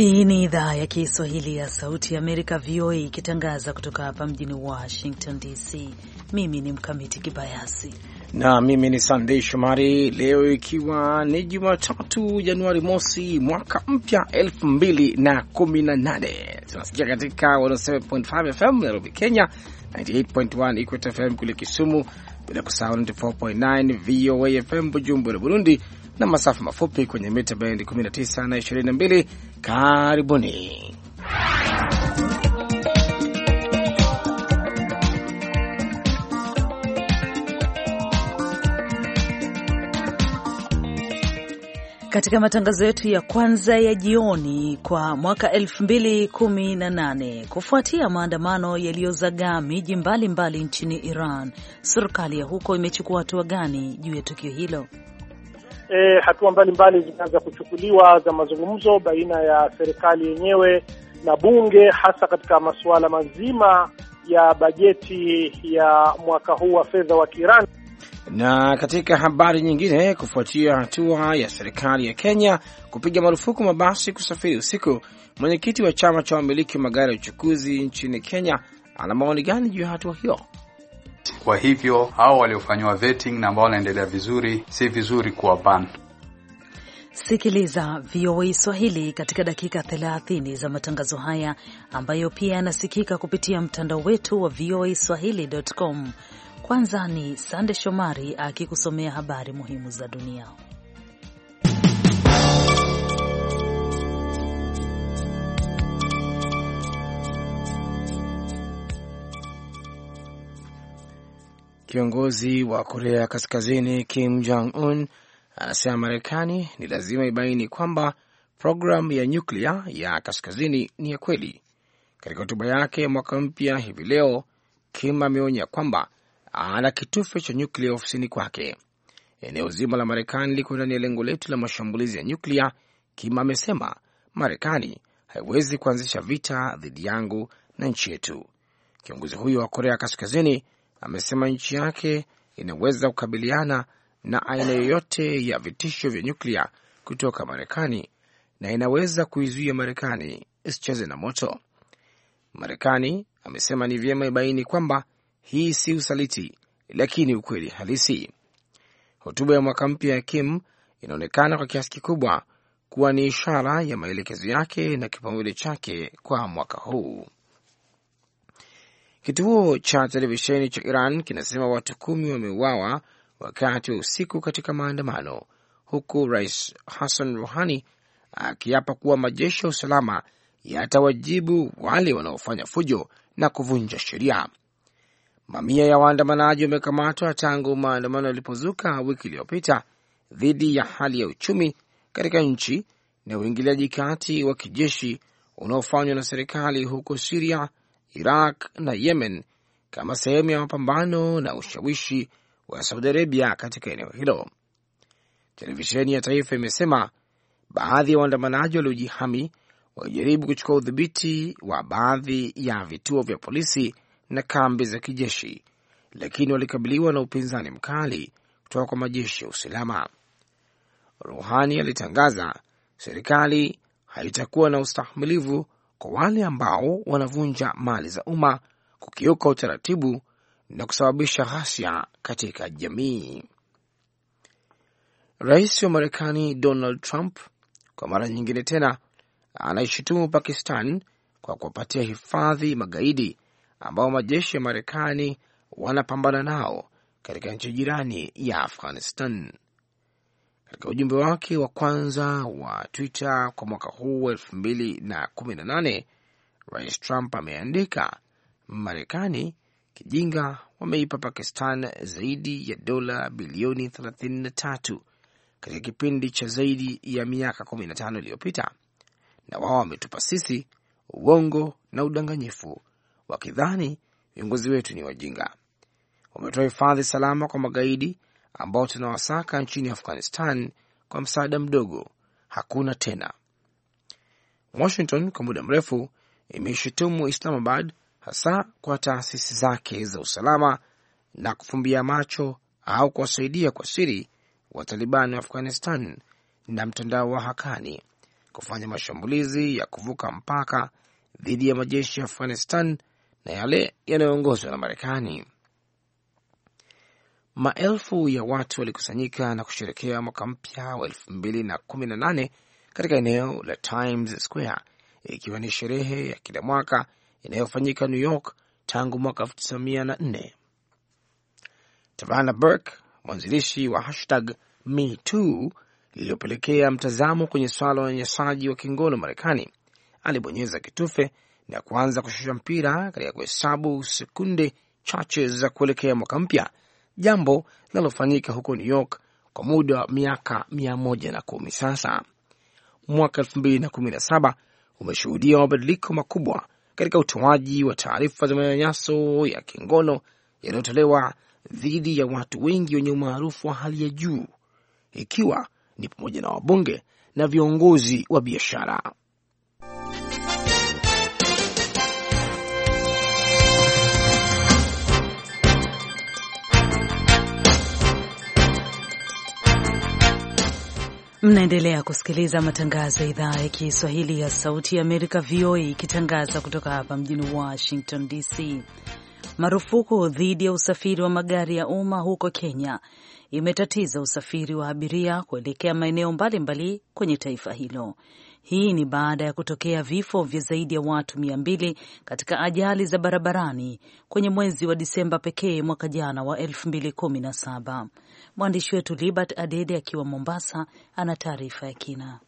Hii ni idhaa ya Kiswahili ya Sauti ya Amerika, VOA, ikitangaza kutoka hapa mjini Washington DC. Mimi ni Mkamiti Kibayasi na mimi ni Sandei Shomari. Leo ikiwa ni Jumatatu, Januari mosi, mwaka mpya 2018 tunasikia katika 107.5 FM Nairobi, Kenya, 98.1 Equator FM kule Kisumu, bila kusahau 94.9 VOA FM Bujumbura, Burundi na masafa mafupi kwenye mita bendi 19 na 22. Karibuni. Katika matangazo yetu ya kwanza ya jioni kwa mwaka 2018 kufuatia maandamano yaliyozagaa miji mbalimbali nchini Iran, serikali ya huko imechukua hatua gani juu ya tukio hilo? e, hatua mbalimbali zimeanza kuchukuliwa za mazungumzo baina ya serikali yenyewe na bunge, hasa katika masuala mazima ya bajeti ya mwaka huu wa fedha wa kiran Na katika habari nyingine, kufuatia hatua ya serikali ya Kenya kupiga marufuku mabasi kusafiri usiku, mwenyekiti wa chama cha wamiliki wa magari ya uchukuzi nchini Kenya ana maoni gani juu ya hatua hiyo? Kwa hivyo hao waliofanyiwa vetting na ambao wanaendelea vizuri, si vizuri kuwaban. Sikiliza VOA Swahili katika dakika 30 za matangazo haya ambayo pia yanasikika kupitia mtandao wetu wa voa Swahili.com. Kwanza ni Sande Shomari akikusomea habari muhimu za dunia. Kiongozi wa Korea Kaskazini Kim Jong Un anasema Marekani ni lazima ibaini kwamba programu ya nyuklia ya kaskazini ni ya kweli. Katika hotuba yake mwaka mpya hivi leo, Kim ameonya kwamba ana kitufe cha nyuklia ofisini kwake. Eneo zima la Marekani liko ndani ya lengo letu la mashambulizi ya nyuklia, Kim amesema. Marekani haiwezi kuanzisha vita dhidi yangu na nchi yetu. Kiongozi huyo wa Korea Kaskazini amesema nchi yake inaweza kukabiliana na aina yoyote ya vitisho vya nyuklia kutoka Marekani na inaweza kuizuia Marekani isicheze na moto. Marekani amesema ni vyema ibaini kwamba hii si usaliti, lakini ukweli halisi. Hotuba ya mwaka mpya ya Kim inaonekana kwa kiasi kikubwa kuwa ni ishara ya maelekezo yake na kipaumbele chake kwa mwaka huu. Kituo cha televisheni cha Iran kinasema watu kumi wameuawa wakati wa usiku katika maandamano, huku Rais Hassan Ruhani akiapa kuwa majeshi ya usalama yatawajibu wale wanaofanya fujo na kuvunja sheria. Mamia ya waandamanaji wamekamatwa tangu maandamano yalipozuka wiki iliyopita dhidi ya hali ya uchumi katika nchi na uingiliaji kati wa kijeshi unaofanywa na serikali huko Siria Iraq na Yemen kama sehemu ya mapambano na ushawishi wa Saudi Arabia katika eneo hilo. Televisheni ya taifa imesema baadhi ya waandamanaji waliojihami walijaribu kuchukua udhibiti wa baadhi ya vituo vya polisi na kambi za kijeshi, lakini walikabiliwa na upinzani mkali kutoka kwa majeshi ya usalama. Ruhani alitangaza serikali haitakuwa na ustahimilivu kwa wale ambao wanavunja mali za umma, kukiuka utaratibu na kusababisha ghasia katika jamii. Rais wa Marekani Donald Trump kwa mara nyingine tena anaishutumu Pakistan kwa kuwapatia hifadhi magaidi ambao majeshi ya Marekani wanapambana nao katika nchi jirani ya Afghanistan. Katika ujumbe wake wa kwanza wa Twitter kwa mwaka huu wa elfu mbili na kumi na nane, Rais Trump ameandika Marekani kijinga wameipa Pakistan zaidi ya dola bilioni 33 katika kipindi cha zaidi ya miaka 15 iliyopita, na wao wametupa sisi uongo na udanganyifu, wakidhani viongozi wetu ni wajinga. Wametoa hifadhi salama kwa magaidi ambao tunawasaka nchini Afghanistan kwa msaada mdogo hakuna tena. Washington kwa muda mrefu imeshutumu Islamabad hasa kwa taasisi zake za usalama na kufumbia macho au kuwasaidia kwa siri taliban wa Afghanistan na mtandao wa Hakani kufanya mashambulizi ya kuvuka mpaka dhidi ya majeshi ya Afghanistan na yale yanayoongozwa na Marekani. Maelfu ya watu walikusanyika na kusherekea mwaka mpya wa nane katika eneo la Times Square, ikiwa ni sherehe ya kila mwaka inayofanyika New York tangu mwaka nne. Tavana Burke, mwanzilishi wa hashtag Me Too iliyopelekea mtazamo kwenye swala la unyanyasaji wa kingono Marekani, alibonyeza kitufe na kuanza kushusha mpira katika kuhesabu sekunde chache za kuelekea mwaka mpya jambo linalofanyika huko New York kwa muda wa miaka mia moja na kumi sasa. Mwaka elfu mbili na kumi na saba umeshuhudia mabadiliko makubwa katika utoaji wa taarifa za manyanyaso ya kingono yanayotolewa dhidi ya watu wengi wenye umaarufu wa hali ya juu, ikiwa ni pamoja na wabunge na viongozi wa biashara. Mnaendelea kusikiliza matangazo ya idhaa ya Kiswahili ya Sauti ya Amerika, VOA, ikitangaza kutoka hapa mjini Washington DC. Marufuku dhidi ya usafiri wa magari ya umma huko Kenya imetatiza usafiri wa abiria kuelekea maeneo mbalimbali kwenye taifa hilo. Hii ni baada ya kutokea vifo vya zaidi ya watu mia mbili katika ajali za barabarani kwenye mwezi wa Disemba pekee mwaka jana wa 2017. Mwandishi wetu Libert Adede akiwa Mombasa ana taarifa ya kina.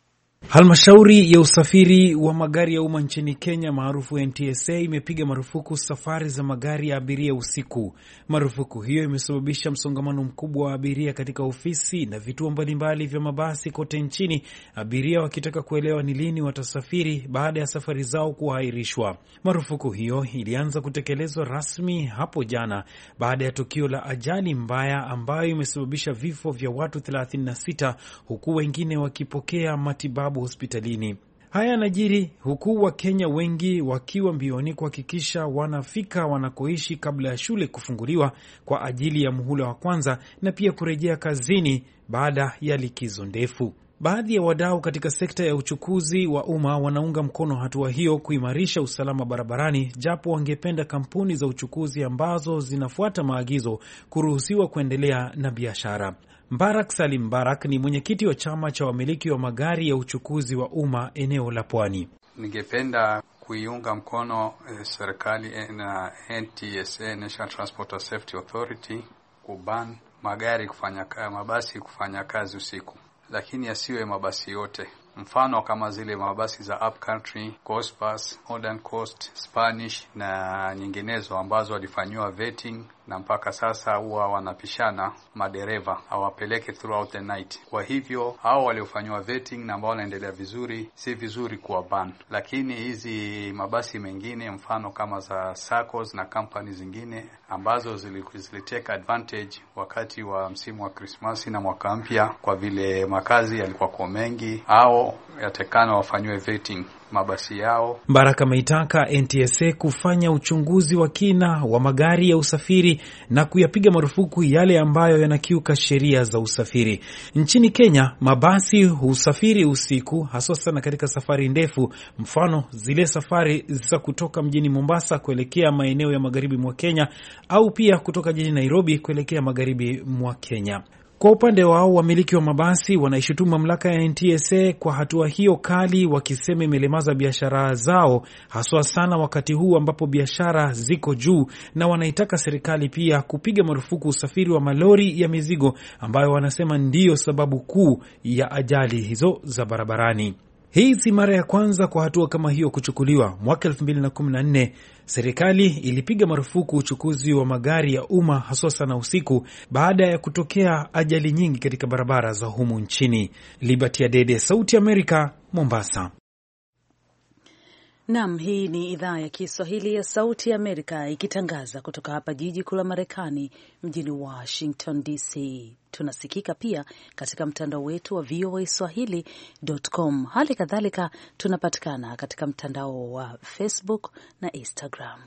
Halmashauri ya usafiri wa magari ya umma nchini Kenya maarufu NTSA imepiga marufuku safari za magari ya abiria usiku. Marufuku hiyo imesababisha msongamano mkubwa wa abiria katika ofisi na vituo mbalimbali vya mabasi kote nchini, abiria wakitaka kuelewa ni lini watasafiri baada ya safari zao kuahirishwa. Marufuku hiyo ilianza kutekelezwa rasmi hapo jana baada ya tukio la ajali mbaya ambayo imesababisha vifo vya watu 36 huku wengine wakipokea matibabu matibabu hospitalini. Haya yanajiri huku Wakenya wengi wakiwa mbioni kuhakikisha wanafika wanakoishi kabla ya shule kufunguliwa kwa ajili ya muhula wa kwanza na pia kurejea kazini baada ya likizo ndefu. Baadhi ya wadau katika sekta ya uchukuzi wa umma wanaunga mkono hatua hiyo kuimarisha usalama barabarani, japo wangependa kampuni za uchukuzi ambazo zinafuata maagizo kuruhusiwa kuendelea na biashara. Mbarak Salim Mbarak ni mwenyekiti wa chama cha wamiliki wa magari ya uchukuzi wa umma eneo la Pwani. Ningependa kuiunga mkono eh, serikali eh, na NTSA, National Transport Safety Authority, kuban magari kufanya mabasi kufanya kazi usiku, lakini yasiwe mabasi yote. Mfano kama zile mabasi za Upcountry, Coast Pass, Modern Coast, Spanish na nyinginezo ambazo walifanyiwa vetting na mpaka sasa huwa wanapishana madereva hawapeleke throughout the night. Kwa hivyo hao waliofanyiwa vetting na ambao wanaendelea vizuri, si vizuri kuwa ban, lakini hizi mabasi mengine mfano kama za SACCOS na kampani zingine ambazo ziliteka advantage wakati wa msimu wa Krismasi na mwaka mpya, kwa vile makazi yalikuwa kwa mengi, hao yatekana wafanyiwe vetting mabasi yao. Baraka ameitaka NTSA kufanya uchunguzi wa kina wa magari ya usafiri na kuyapiga marufuku yale ambayo yanakiuka sheria za usafiri. Nchini Kenya, mabasi husafiri usiku, haswa sana katika safari ndefu, mfano zile safari za kutoka mjini Mombasa kuelekea maeneo ya magharibi mwa Kenya au pia kutoka jijini Nairobi kuelekea magharibi mwa Kenya. Kwa upande wao wamiliki wa mabasi wanaishutumu mamlaka ya NTSA kwa hatua hiyo kali, wakisema imelemaza biashara zao, haswa sana wakati huu ambapo biashara ziko juu, na wanaitaka serikali pia kupiga marufuku usafiri wa malori ya mizigo ambayo wanasema ndiyo sababu kuu ya ajali hizo za barabarani. Hii si mara ya kwanza kwa hatua kama hiyo kuchukuliwa. Mwaka 2014 serikali ilipiga marufuku uchukuzi wa magari ya umma haswa sana usiku, baada ya kutokea ajali nyingi katika barabara za humu nchini. Liberty Adede, Sauti Amerika, Mombasa. Nam, hii ni idhaa ya Kiswahili ya Sauti ya Amerika ikitangaza kutoka hapa jiji kuu la Marekani, mjini Washington DC. Tunasikika pia katika mtandao wetu wa VOA Swahili.com. Hali kadhalika tunapatikana katika mtandao wa Facebook na Instagram.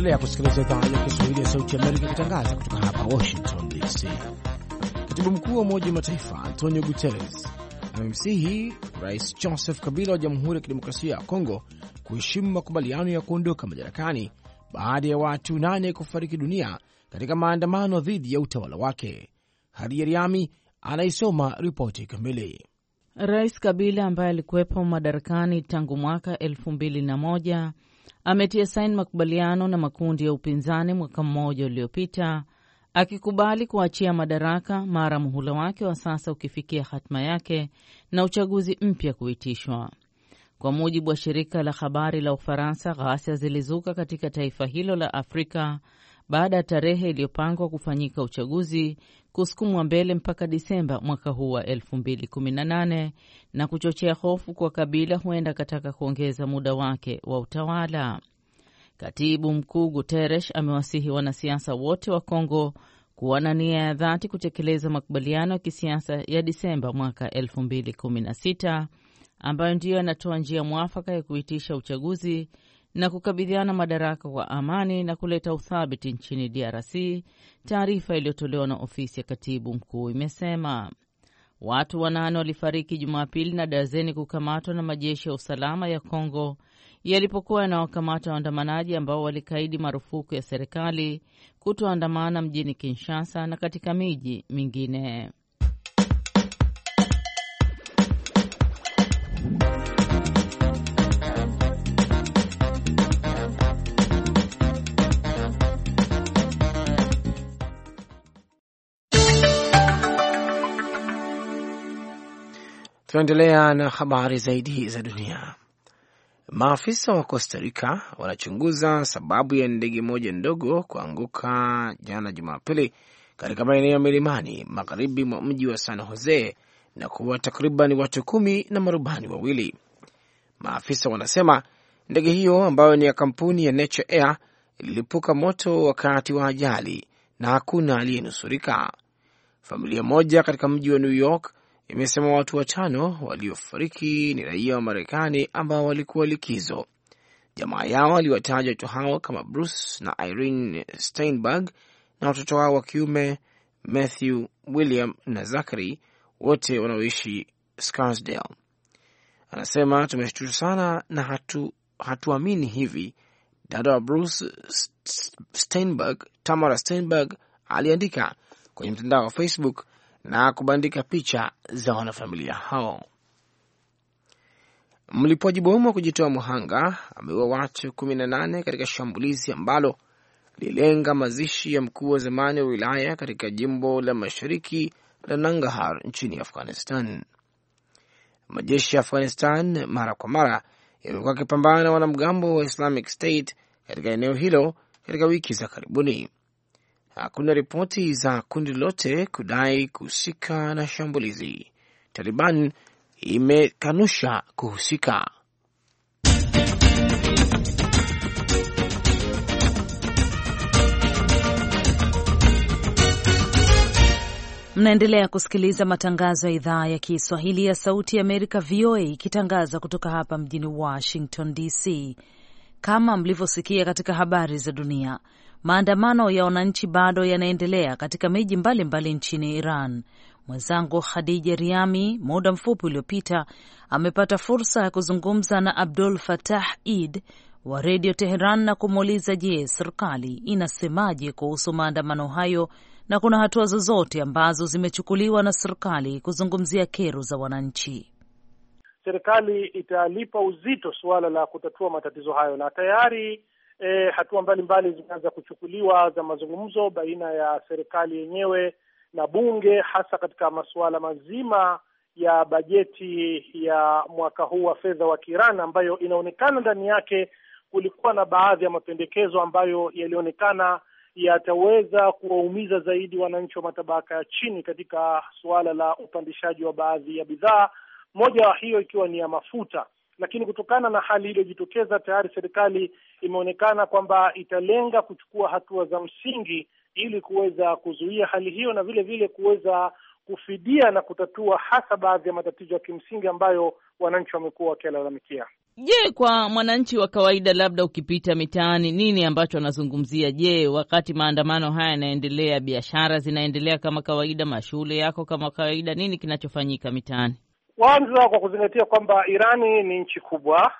Unaendelea kusikiliza idhaa ya Kiswahili ya Sauti Amerika ikitangaza kutoka hapa Washington DC. Katibu mkuu wa Umoja wa Mataifa Antonio Guterres amemsihi Rais Joseph Kabila wa Jamhuri ya Kidemokrasia ya Kongo kuheshimu makubaliano ya kuondoka madarakani baada ya watu nane kufariki dunia katika maandamano dhidi ya utawala wake. Hadija Riami anaisoma ripoti kamili. Rais Kabila ambaye alikuwepo madarakani tangu mwaka elfu mbili na moja ametia saini makubaliano na makundi ya upinzani mwaka mmoja uliopita akikubali kuachia madaraka mara muhula wake wa sasa ukifikia hatima yake na uchaguzi mpya kuitishwa. Kwa mujibu wa shirika la habari la Ufaransa, ghasia zilizuka katika taifa hilo la Afrika baada ya tarehe iliyopangwa kufanyika uchaguzi kusukumwa mbele mpaka Disemba mwaka huu wa 2018 na kuchochea hofu kwa Kabila huenda akataka kuongeza muda wake wa utawala. Katibu Mkuu Guterres amewasihi wanasiasa wote wa Kongo kuwa na nia ya dhati kutekeleza makubaliano ya kisiasa ya Disemba mwaka 2016 ambayo ndiyo yanatoa njia mwafaka ya kuitisha uchaguzi na kukabidhiana madaraka kwa amani na kuleta uthabiti nchini DRC. Taarifa iliyotolewa na ofisi ya katibu mkuu imesema watu wanane walifariki Jumapili na dazeni kukamatwa na majeshi ya usalama ya Kongo yalipokuwa yanawakamata waandamanaji ambao walikaidi marufuku ya serikali kutoandamana mjini Kinshasa na katika miji mingine. Tunaendelea na habari zaidi za dunia. Maafisa wa Costa Rica wanachunguza sababu ya ndege moja ndogo kuanguka jana Jumapili katika maeneo ya milimani magharibi mwa mji wa San Jose na kuwa takriban watu kumi na marubani wawili. Maafisa wanasema ndege hiyo ambayo ni ya kampuni ya Nature Air ililipuka moto wakati wa ajali na hakuna aliyenusurika. Familia moja katika mji wa New York imesema watu watano waliofariki ni raia wa Marekani ambao walikuwa likizo. Jamaa yao aliwataja watu hao kama Bruce na Irene Steinberg na watoto wao wa kiume Matthew, William na Zachary, wote wanaoishi Scarsdale. Anasema tumeshtushwa sana na hatu hatuamini hivi. Dada wa Bruce Steinberg, Tamara Steinberg, aliandika kwenye mtandao wa Facebook na kubandika picha za wanafamilia hao. Mlipuaji bomu wa kujitoa muhanga ameua watu kumi na nane katika shambulizi ambalo lilenga mazishi ya mkuu wa zamani wa wilaya katika jimbo la mashariki la Nangahar nchini Afghanistan. Majeshi ya Afghanistan mara kwa mara yamekuwa akipambana na wanamgambo wa Islamic State katika eneo hilo katika wiki za karibuni hakuna ripoti za kundi lolote kudai kuhusika na shambulizi. Taliban imekanusha kuhusika. Mnaendelea kusikiliza matangazo ya idhaa ya Kiswahili ya Sauti ya Amerika, VOA, ikitangaza kutoka hapa mjini Washington DC. Kama mlivyosikia katika habari za dunia, Maandamano ya wananchi bado yanaendelea katika miji mbalimbali nchini Iran. Mwenzangu Khadija Riami muda mfupi uliopita amepata fursa ya kuzungumza na Abdul Fatah id wa Redio Teheran na kumuuliza, je, serikali inasemaje kuhusu maandamano hayo na kuna hatua zozote ambazo zimechukuliwa na serikali kuzungumzia kero za wananchi? Serikali italipa uzito suala la kutatua matatizo hayo, na tayari e, hatua mbalimbali zimeanza kuchukuliwa za mazungumzo baina ya serikali yenyewe na bunge, hasa katika masuala mazima ya bajeti ya mwaka huu wa fedha wa kiran ambayo inaonekana ndani yake kulikuwa na baadhi ya mapendekezo ambayo yalionekana yataweza kuwaumiza zaidi wananchi wa matabaka ya chini katika suala la upandishaji wa baadhi ya bidhaa, moja hiyo ikiwa ni ya mafuta lakini kutokana na hali iliyojitokeza tayari serikali imeonekana kwamba italenga kuchukua hatua za msingi ili kuweza kuzuia hali hiyo na vile vile kuweza kufidia na kutatua hasa baadhi ya matatizo ya kimsingi ambayo wananchi wamekuwa wakialalamikia. Je, kwa mwananchi wa kawaida, labda ukipita mitaani, nini ambacho anazungumzia? Je, wakati maandamano haya yanaendelea, biashara zinaendelea kama kawaida, mashule yako kama kawaida, nini kinachofanyika mitaani? Kwanza kwa kuzingatia kwamba Irani ni nchi kubwa,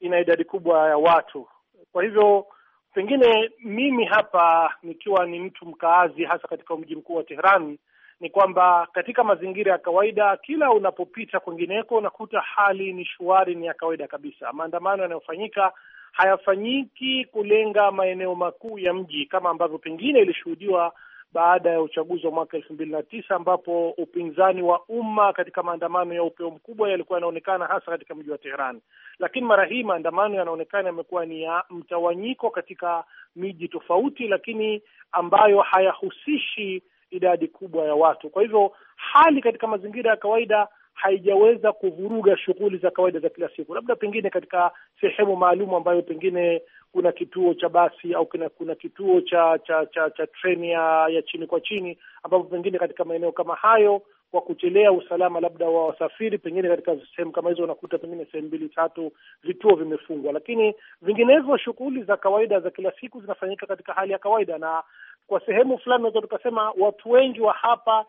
ina idadi kubwa ya watu, kwa hivyo pengine mimi hapa nikiwa ni mtu mkaazi, hasa katika mji mkuu wa Teherani, ni kwamba katika mazingira ya kawaida, kila unapopita kwingineko unakuta hali ni shwari, ni ya kawaida kabisa. Maandamano yanayofanyika hayafanyiki kulenga maeneo makuu ya mji kama ambavyo pengine ilishuhudiwa baada ya uchaguzi wa mwaka elfu mbili na tisa ambapo upinzani wa umma katika maandamano ya upeo mkubwa yalikuwa yanaonekana hasa katika mji wa Teherani. Lakini mara hii maandamano yanaonekana yamekuwa ni ya mtawanyiko katika miji tofauti, lakini ambayo hayahusishi idadi kubwa ya watu. Kwa hivyo hali katika mazingira ya kawaida haijaweza kuvuruga shughuli za kawaida za kila siku, labda pengine katika sehemu maalum ambayo pengine kuna kituo cha basi au kuna, kuna kituo cha cha cha, cha treni ya, ya chini kwa chini, ambapo pengine katika maeneo kama hayo kwa kuchelea usalama labda wa wasafiri, pengine katika sehemu kama hizo unakuta pengine sehemu mbili tatu vituo vimefungwa, lakini vinginevyo shughuli za kawaida za kila siku zinafanyika katika hali ya kawaida, na kwa sehemu fulani naweza tukasema watu wengi wa hapa,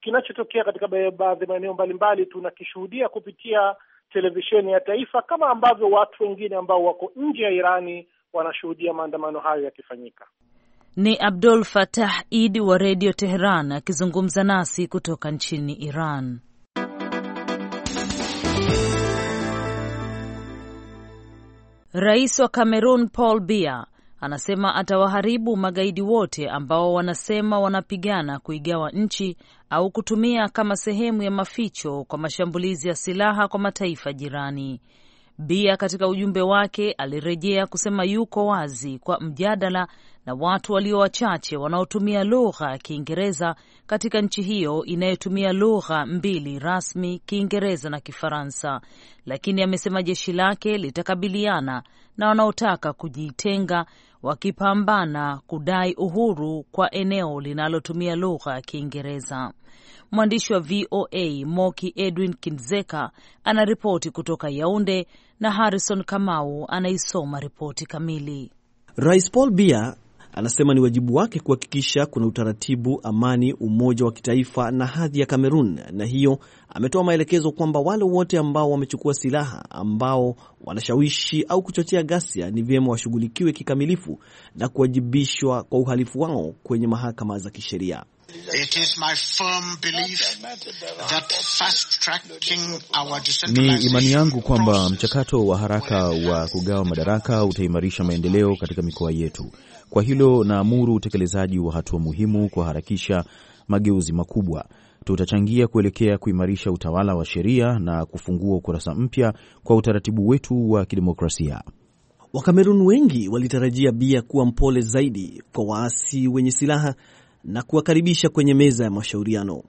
kinachotokea katika baadhi ya maeneo mbalimbali tunakishuhudia kupitia televisheni ya taifa, kama ambavyo watu wengine ambao wako nje ya Irani wanashuhudia maandamano hayo yakifanyika. Ni Abdul Fatah Idi wa Redio Teheran akizungumza nasi kutoka nchini Iran. Rais wa Cameroon Paul Biya anasema atawaharibu magaidi wote ambao wanasema wanapigana kuigawa nchi au kutumia kama sehemu ya maficho kwa mashambulizi ya silaha kwa mataifa jirani. Bia katika ujumbe wake alirejea kusema yuko wazi kwa mjadala na watu walio wachache wanaotumia lugha ya Kiingereza katika nchi hiyo inayotumia lugha mbili rasmi, Kiingereza na Kifaransa, lakini amesema jeshi lake litakabiliana na wanaotaka kujitenga wakipambana kudai uhuru kwa eneo linalotumia lugha ya Kiingereza. Mwandishi wa VOA Moki Edwin Kinzeka anaripoti kutoka Yaunde na Harrison Kamau anaisoma ripoti kamili. Rais Paul Bia anasema ni wajibu wake kuhakikisha kuna utaratibu, amani, umoja wa kitaifa na hadhi ya Kamerun, na hiyo ametoa maelekezo kwamba wale wote ambao wamechukua silaha, ambao wanashawishi au kuchochea ghasia, ni vyema washughulikiwe kikamilifu na kuwajibishwa kwa uhalifu wao kwenye mahakama za kisheria. Ni imani yangu kwamba mchakato wa haraka wa kugawa madaraka utaimarisha maendeleo katika mikoa yetu. Kwa hilo, naamuru utekelezaji wa hatua muhimu kuharakisha mageuzi makubwa. Tutachangia kuelekea kuimarisha utawala wa sheria na kufungua ukurasa mpya kwa utaratibu wetu wa kidemokrasia. Wakamerun wengi walitarajia bia kuwa mpole zaidi kwa waasi wenye silaha na kuwakaribisha kwenye meza ya mashauriano.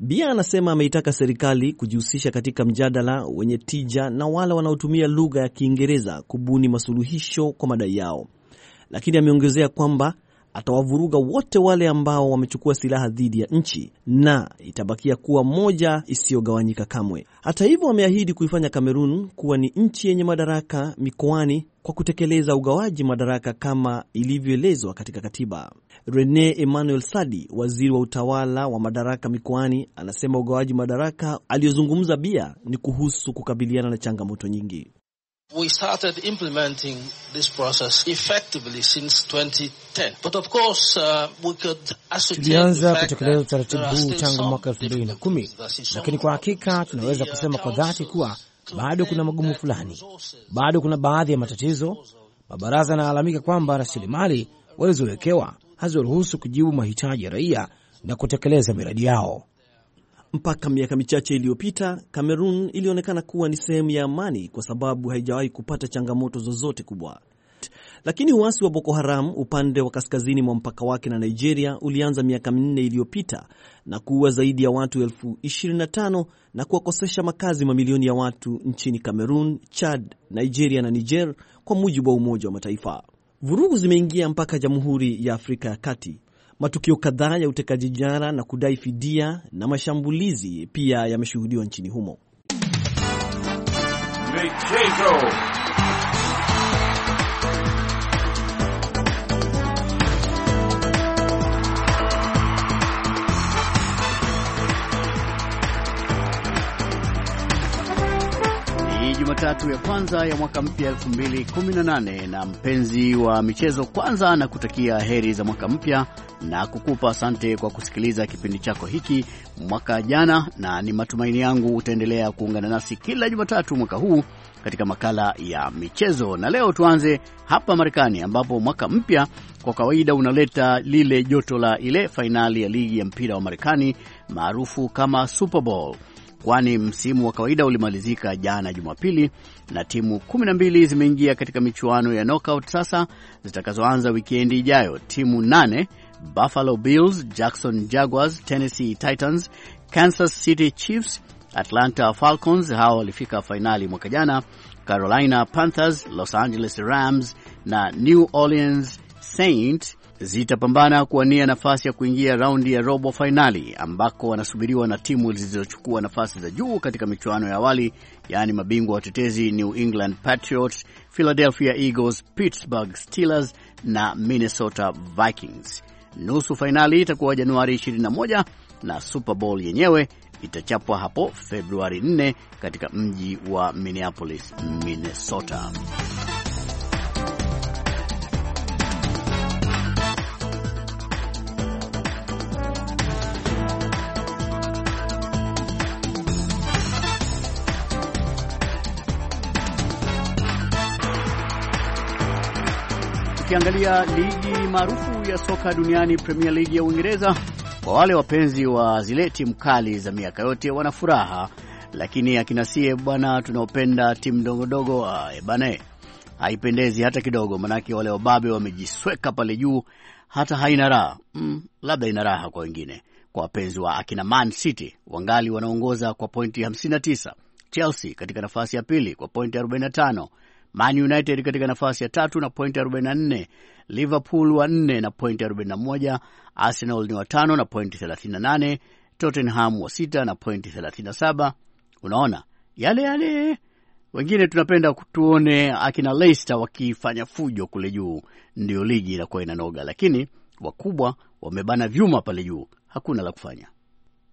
Bia anasema ameitaka serikali kujihusisha katika mjadala wenye tija na wale wanaotumia lugha ya Kiingereza kubuni masuluhisho kwa madai yao, lakini ameongezea kwamba atawavuruga wote wale ambao wamechukua silaha dhidi ya nchi na itabakia kuwa moja isiyogawanyika kamwe. Hata hivyo, ameahidi kuifanya Kamerun kuwa ni nchi yenye madaraka mikoani kwa kutekeleza ugawaji madaraka kama ilivyoelezwa katika katiba. Rene Emmanuel Sadi, waziri wa utawala wa madaraka mikoani, anasema ugawaji madaraka aliyozungumza Bia ni kuhusu kukabiliana na changamoto nyingi. We started implementing this process effectively since 2010. But of course, uh, we could tulianza kutekeleza utaratibu huu tangu mwaka 2010, lakini kwa hakika tunaweza uh, kusema kwa dhati kuwa bado kuna magumu fulani, bado kuna baadhi ya matatizo. Mabaraza yanalalamika kwamba rasilimali walizowekewa haziruhusu kujibu mahitaji ya raia na kutekeleza miradi yao. Mpaka miaka michache iliyopita, Kamerun ilionekana kuwa ni sehemu ya amani kwa sababu haijawahi kupata changamoto zozote kubwa. Lakini uasi wa Boko Haram upande wa kaskazini mwa mpaka wake na Nigeria ulianza miaka minne iliyopita na kuua zaidi ya watu elfu 25 na kuwakosesha makazi mamilioni ya watu nchini cameron Chad, Nigeria na Niger, kwa mujibu wa Umoja wa Mataifa. Vurugu zimeingia mpaka Jamhuri ya Afrika ya Kati Matukio kadhaa ya utekaji nyara na kudai fidia na mashambulizi pia yameshuhudiwa nchini humo. Michezo. Jumatatu ya kwanza ya mwaka mpya 2018. Na mpenzi wa michezo, kwanza na kutakia heri za mwaka mpya na kukupa asante kwa kusikiliza kipindi chako hiki mwaka jana, na ni matumaini yangu utaendelea kuungana nasi kila Jumatatu mwaka huu katika makala ya michezo. Na leo tuanze hapa Marekani, ambapo mwaka mpya kwa kawaida unaleta lile joto la ile fainali ya ligi ya mpira wa Marekani maarufu kama Super Bowl kwani msimu wa kawaida ulimalizika jana Jumapili na timu 12 zimeingia katika michuano ya knockout sasa zitakazoanza wikendi ijayo. Timu 8 Buffalo Bills, Jackson Jaguars, Tennessee Titans, Kansas City Chiefs, Atlanta Falcons, hawa walifika fainali mwaka jana, Carolina Panthers, Los Angeles Rams na New Orleans Saints zitapambana kuwania nafasi ya kuingia raundi ya robo fainali ambako wanasubiriwa na timu zilizochukua nafasi za juu katika michuano ya awali, yaani mabingwa watetezi New England Patriots, Philadelphia Eagles, Pittsburgh Steelers na Minnesota Vikings. Nusu fainali itakuwa Januari 21 na Super Bowl yenyewe itachapwa hapo Februari 4 katika mji wa Minneapolis, Minnesota. tukiangalia ligi maarufu ya soka duniani Premier League ya Uingereza. Kwa wale wapenzi wa zile timu kali za miaka yote wana furaha, lakini akinasie bwana, tunaopenda timu ndogondogo ah, bana, haipendezi hata kidogo, manake wale wababe wamejisweka pale juu, hata haina raha mm, labda ina raha kwa wengine. Kwa wapenzi wa akina Man City wangali wanaongoza kwa pointi 59, Chelsea katika nafasi ya pili kwa pointi 45 Man United katika nafasi ya tatu na pointi 44, Liverpool wa nne na pointi 41, Arsenal ni watano na pointi 38, Tottenham wa sita na pointi 37. Unaona yale yale wengine tunapenda tuone akina Leicester wakifanya fujo kule juu, ndio ligi inakuwa inanoga, lakini wakubwa wamebana vyuma pale juu, hakuna la kufanya.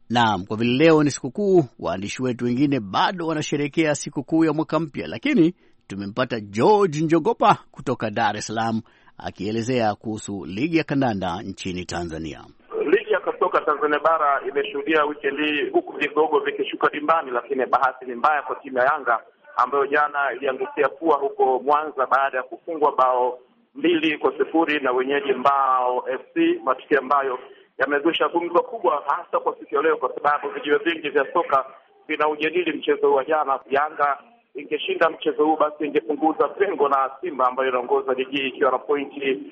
Naam, kwa vile leo ni sikukuu, waandishi wetu wengine bado wanasherehekea sikukuu ya mwaka mpya, lakini tumempata George Njogopa kutoka Dar es Salaam akielezea kuhusu ligi ya kandanda nchini Tanzania. Ligi ya kasoka Tanzania bara imeshuhudia wikendi hii huku vigogo vikishuka dimbani, lakini bahati ni mbaya kwa timu ya Yanga ambayo jana iliangukia pua huko Mwanza baada ya kufungwa bao mbili kwa sifuri na wenyeji Mbao FC, matukio ambayo yamezusha gumzo kubwa hasa kwa siku ya leo, kwa sababu vijiwe vingi vya soka vinaujadili mchezo wa jana Yanga ingeshinda mchezo huu basi ingepunguza pengo na Simba ambayo inaongoza ligi hii ikiwa na pointi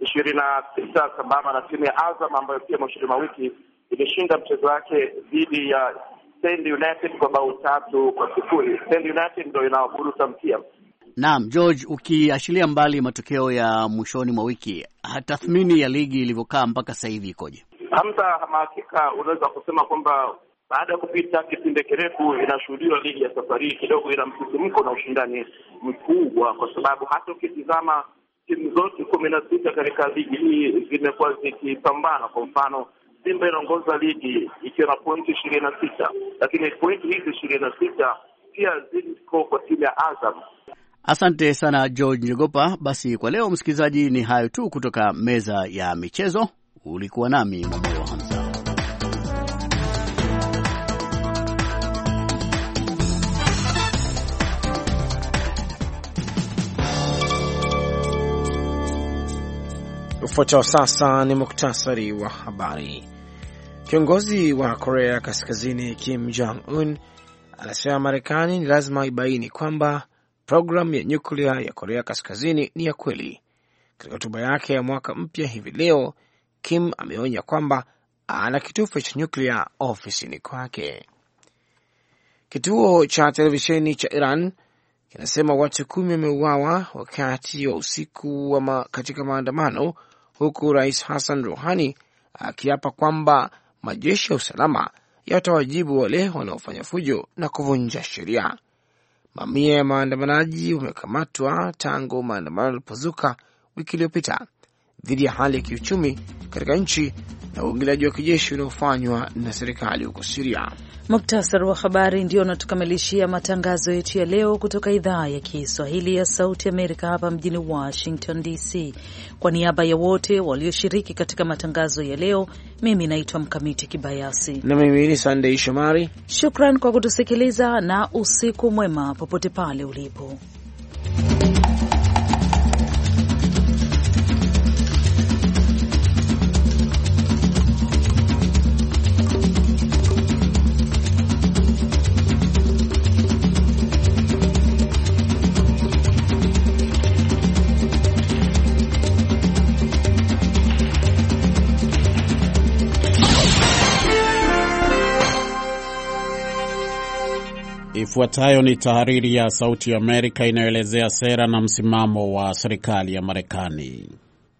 ishirini na sita sambamba na timu ya Azam ambayo pia mwishoni mwa wiki ilishinda mchezo wake dhidi ya Stand United kwa bao tatu kwa sifuri. Stand United ndio inawaburuta mkia. Naam, George, ukiashiria mbali matokeo ya mwishoni mwa wiki, tathmini ya ligi ilivyokaa mpaka sasa hivi ikoje? Hamza, hakika unaweza kusema kwamba baada ya kupita kipindi kirefu, inashuhudiwa ligi ya safari kidogo ina msisimko na ushindani mkubwa, kwa sababu hata ukitizama timu zote kumi na sita katika ligi hii zimekuwa zikipambana. Kwa mfano, Simba inaongoza ligi ikiwa na pointi ishirini na sita, lakini pointi hizi ishirini na sita pia ziko kwa timu ya Azam. Asante sana George Njogopa. Basi kwa leo, msikilizaji, ni hayo tu kutoka meza ya michezo. Ulikuwa nami Mwamoyo Hamza. Ufuatao sasa ni muktasari wa habari. Kiongozi wa Korea Kaskazini Kim Jong Un anasema Marekani ni lazima ibaini kwamba programu ya nyuklia ya Korea Kaskazini ni ya kweli. Katika hotuba yake ya mwaka mpya hivi leo, Kim ameonya kwamba ana kitufe cha nyuklia ofisini kwake. Kituo cha televisheni cha Iran kinasema watu kumi wameuawa wakati wa usiku wa ma, katika maandamano huku Rais Hassan Rouhani akiapa kwamba majeshi ya usalama yatawajibu wale wanaofanya fujo na kuvunja sheria. Mamia ya maandamanaji wamekamatwa tangu maandamano yalipozuka wiki iliyopita dhidi ya hali ya kiuchumi katika nchi na uingiliaji wa kijeshi unaofanywa na serikali huko Siria. Muktasar wa habari ndio unatukamilishia matangazo yetu ya leo kutoka idhaa ya Kiswahili ya Sauti Amerika hapa mjini Washington DC. Kwa niaba ya wote walioshiriki katika matangazo ya leo, mimi naitwa Mkamiti Kibayasi na mimi ni Sandei Shomari. Shukran kwa kutusikiliza na usiku mwema popote pale ulipo. Ifuatayo ni tahariri ya Sauti ya Amerika inayoelezea sera na msimamo wa serikali ya Marekani.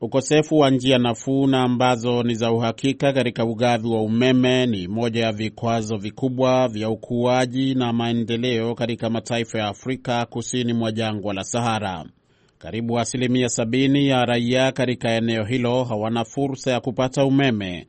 Ukosefu wa njia nafuu na ambazo ni za uhakika katika ugavi wa umeme ni moja ya vikwazo vikubwa vya ukuaji na maendeleo katika mataifa ya Afrika kusini mwa jangwa la Sahara. Karibu asilimia 7b0 ya raia katika eneo hilo hawana fursa ya kupata umeme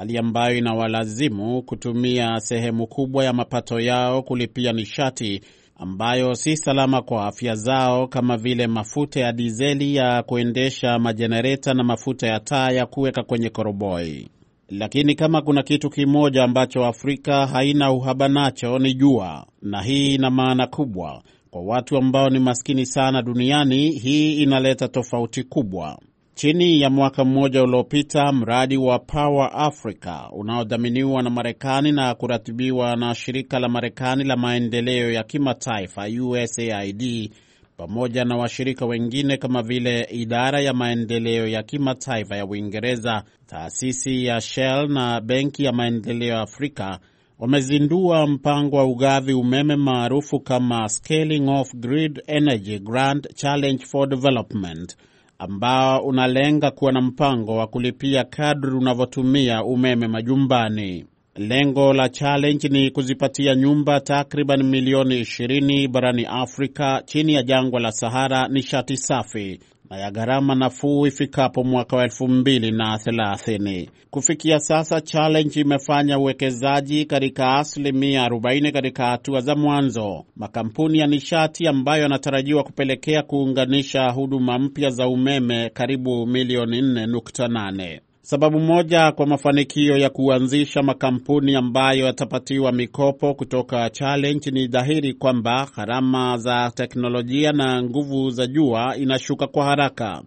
hali ambayo inawalazimu kutumia sehemu kubwa ya mapato yao kulipia nishati ambayo si salama kwa afya zao kama vile mafuta ya dizeli ya kuendesha majenereta na mafuta ya taa ya kuweka kwenye koroboi. Lakini kama kuna kitu kimoja ambacho Afrika haina uhaba nacho ni jua, na hii ina maana kubwa kwa watu ambao ni maskini sana duniani. Hii inaleta tofauti kubwa. Chini ya mwaka mmoja uliopita, mradi wa Power Africa unaodhaminiwa na Marekani na kuratibiwa na shirika la Marekani la maendeleo ya kimataifa USAID pamoja na washirika wengine kama vile idara ya maendeleo ya kimataifa ya Uingereza, taasisi ya Shell na benki ya maendeleo ya Afrika wamezindua mpango wa ugavi umeme maarufu kama Scaling Off Grid Energy Grand Challenge for Development ambao unalenga kuwa na mpango wa kulipia kadri unavyotumia umeme majumbani. Lengo la challenge ni kuzipatia nyumba takriban milioni 20 barani Afrika chini ya jangwa la Sahara nishati safi na ya gharama nafuu ifikapo mwaka wa elfu mbili na thelathini. Kufikia sasa, Challenge imefanya uwekezaji katika asilimia 40 katika hatua za mwanzo. Makampuni ya nishati ambayo yanatarajiwa kupelekea kuunganisha huduma mpya za umeme karibu milioni 4.8. Sababu moja kwa mafanikio ya kuanzisha makampuni ambayo yatapatiwa mikopo kutoka Challenge ni dhahiri kwamba gharama za teknolojia na nguvu za jua inashuka kwa haraka.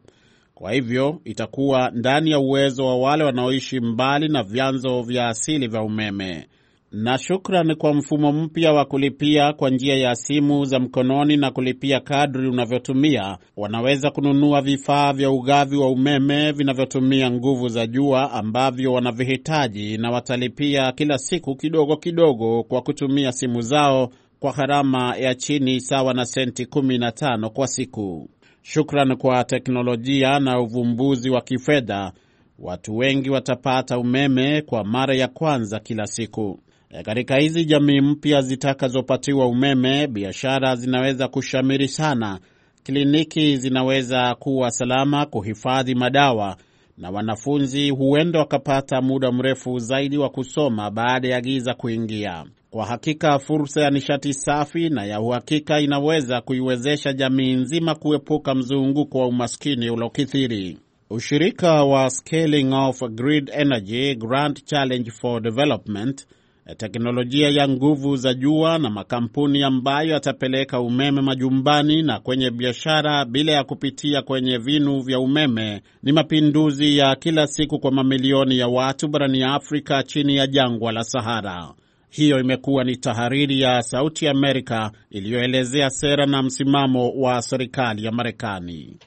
Kwa hivyo itakuwa ndani ya uwezo wa wale wanaoishi mbali na vyanzo vya asili vya umeme. Na shukran kwa mfumo mpya wa kulipia kwa njia ya simu za mkononi na kulipia kadri unavyotumia, wanaweza kununua vifaa vya ugavi wa umeme vinavyotumia nguvu za jua ambavyo wanavihitaji, na watalipia kila siku kidogo kidogo kwa kutumia simu zao kwa gharama ya chini sawa na senti 15 kwa siku. Shukran kwa teknolojia na uvumbuzi wa kifedha, watu wengi watapata umeme kwa mara ya kwanza kila siku. E, katika hizi jamii mpya zitakazopatiwa umeme, biashara zinaweza kushamiri sana, kliniki zinaweza kuwa salama kuhifadhi madawa, na wanafunzi huenda wakapata muda mrefu zaidi wa kusoma baada ya giza kuingia. Kwa hakika fursa ya nishati safi na ya uhakika inaweza kuiwezesha jamii nzima kuepuka mzunguko wa umaskini uliokithiri. Ushirika wa Scaling Off Grid Energy Grand Challenge for Development Eh, teknolojia ya nguvu za jua na makampuni ambayo yatapeleka umeme majumbani na kwenye biashara bila ya kupitia kwenye vinu vya umeme ni mapinduzi ya kila siku kwa mamilioni ya watu barani Afrika chini ya jangwa la Sahara. Hiyo imekuwa ni tahariri ya Sauti Amerika iliyoelezea sera na msimamo wa serikali ya Marekani.